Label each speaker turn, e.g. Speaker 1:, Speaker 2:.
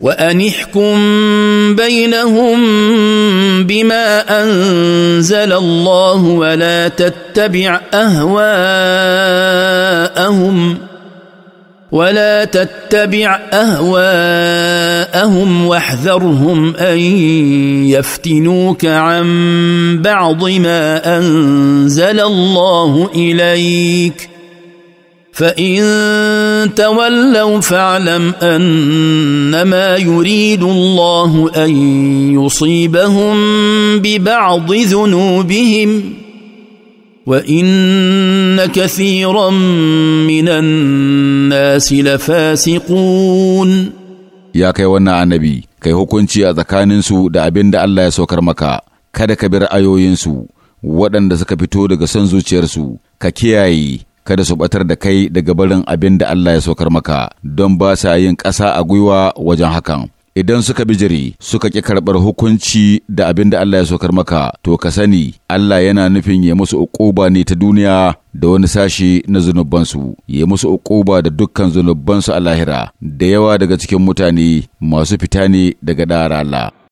Speaker 1: وان احكم بينهم بما انزل الله ولا تتبع اهواءهم ولا تتبع اهواءهم واحذرهم ان يفتنوك عن بعض ما انزل الله اليك فان تولوا فاعلم انما يريد الله ان يصيبهم ببعض ذنوبهم وان كثيرا من الناس لفاسقون
Speaker 2: يا kai ونا النبي كي hukunci a tsakaninsu da abinda Allah ya saukar maka kada ka bi ra'ayoyinsu waɗanda suka fito daga son zuciyarsu ka kiyaye kada su batar da kai daga barin abin da Allah ya saukar maka don ba sa yin ƙasa a gwiwa wajen hakan idan suka bijiri suka ƙi karɓar hukunci da abin da Allah ya saukar maka to ka sani Allah yana nufin ya musu uquba ne ta duniya da wani sashi na zunubansu ya musu uquba da dukkan zunubansu a lahira da yawa daga cikin mutane masu fita ne daga ɗara Allah